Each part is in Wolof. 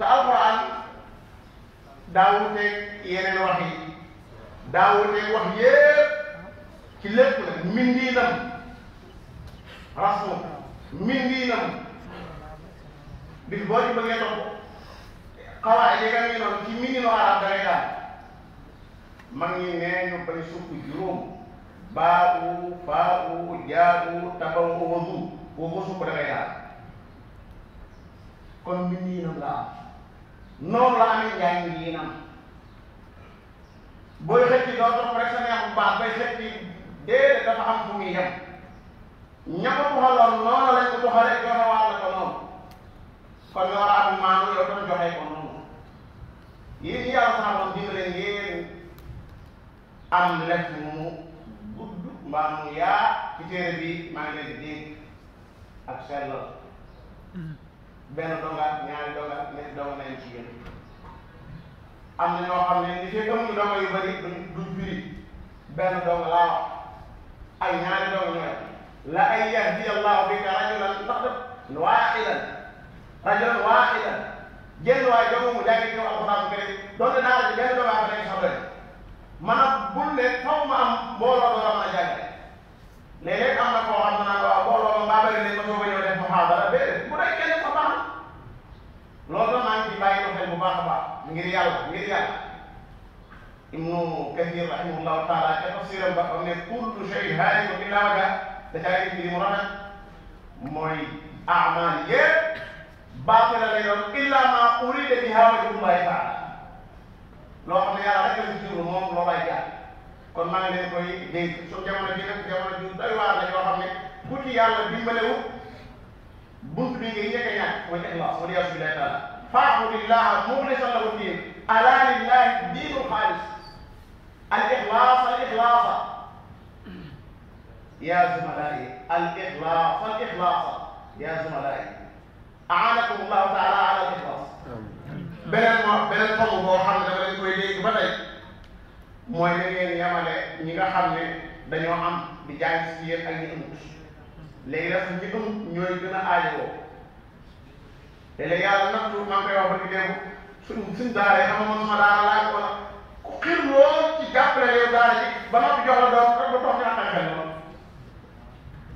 te alxuraan daawuteeg yeneen wax yi daawuteeg wax yépp ci lépp la mbindiinam rasmu mbindiinam bis boo ci bëggee topp xawaay yi nga ñu noonu ci mbindinu arab da ngay daal mag ñi nee ñu bari sukk juróom baabu faabu jaabu tabawu wazu boo ko sukk da ngay daal kon noonu la amee njaay njiinam booy xëcc doo topp rek sa neex bu baax bay xëcc déedéet dafa am fu muy yem ña ko tuxaloon noonu lañ ko tuxalee joxe wàll ko noonu kon nga war a am maanu yow tam joxe ko noonu yéen ñi yàlla sax moom dimbale ngeen am benn donga ñaari donga ñetti donga nañ ci yéen am na ñoo xam ne ni fekk amuñu donga yu bëri duñ duñ firi benn donga laa wax ay ñaari donga ñooy la ay yahdi allahu bika rajulan ndax def waaxidan rajulan waaxidan génn waaye donga mu jàngi ñëw alxuraan kër doonte naa la ci benn donga am nañ sax doy maanaam bul ne faw ma am mbooloo xel bu baax baax ngir yàlla ngir yàlla ibnu kathir rahimahullahu taala ca tafsiram ba xam ne kullu shay haariku bi laaga da caa indi mbir mu rafet mooy amal yépp baaxi la lay doon illa ma urida biha wajhullahi taala loo xam ne yàlla rek loo lay jaar kon maa ngi koy dégg su jamono ji nag jamono ji la yoo xam bunt bi ngay njëkk a ñàkk mooy ixlaas wala yàlla lay taala فاعبد الله مخلصا له الدين الا لله الدين الخالص الاخلاص الاخلاص يا زملائي الاخلاص الاخلاص يا زملائي اعانكم الله تعالى على الاخلاص بلن بلن فضل محمد بن كويلي بدل موي نين يامل نيغا خامل دانيو ام بجانس سير اك ني امكوش لغي نيوي غنا اديو léeg-léeg yàlla nattu maa ngi koy ba di dégg suñ suñ daara yi xam nga man ma daara laaj wala ku xir lool ci jàppale yow daara ji ba noppi jox la doom rek ba toog ñu ànd ak xel lool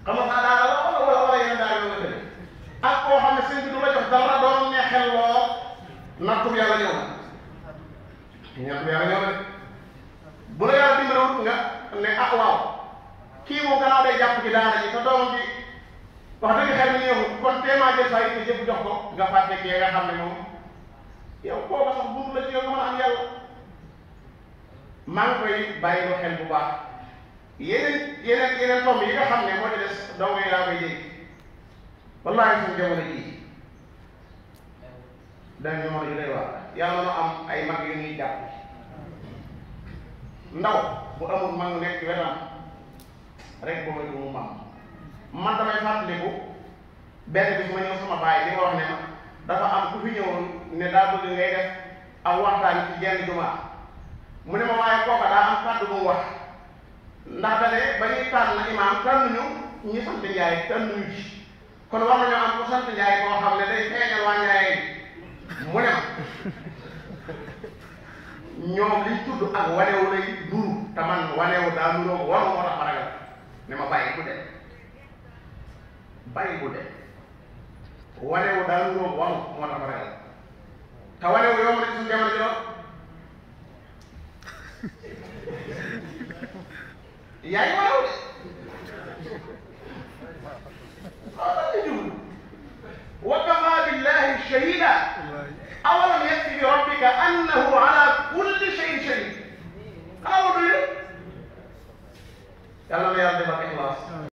xam nga daara la wala wala wala yeneen daara yoo la ak koo xam ne sëñ bi du la jox dara doon ne xel lool nattu yàlla ñëw na ñattu yàlla ñëw na bu la yàlla dimbalewut nga ne ah waaw kii moom gannaaw day jàpp ci daara ji te doom wax dëgg xel mi neexul kon téemaa jël saa yitte yëpp jox ko nga fàtte kee nga xam ne moom yow kooku sax buur la ci yow nga mën a am yàlla maa ngi koy bàyyi ko xel bu baax yeneen yeneen yeneen tomb yi nga xam ne moo ci des dong yi laa koy dégg wallaahi suñu jamono jii dañu mën yu lay wax yàlla na am ay mag yu ñuy jàpp ndaw bu amul mag nekk wetam rek boobu mu maam. man damay fàttaliku benn bis ma ñëw sama baay di nga wax ne ma dafa am ku fi ñëwoon ne daa bëgg ngay def ak waxtaan ci jenn jumaa mu ne ma waaye kooka daa am kàddu bu mu wax ndax da ne ba ñuy tànn imaam tànnuñu ñi sant Njaay tànnuñu ci kon war nañoo am ku sant Njaay koo xam ne day feeñal waa Njaay mu ne ma ñoom liñ tudd ak wanewu lay duru te man wanewu daa nuroo waru ne ma bàyyi ku dem baygu de wanewu dal ngoo wamu moo tax reew te wanewu yomb na ci suñu jamono jiro yaa ngi wanewu de وكفى بالله شهيدا أولم يكفي بربك أنه على كل شيء شهيد أولم يكفي يلا ما يرضي بك إخلاص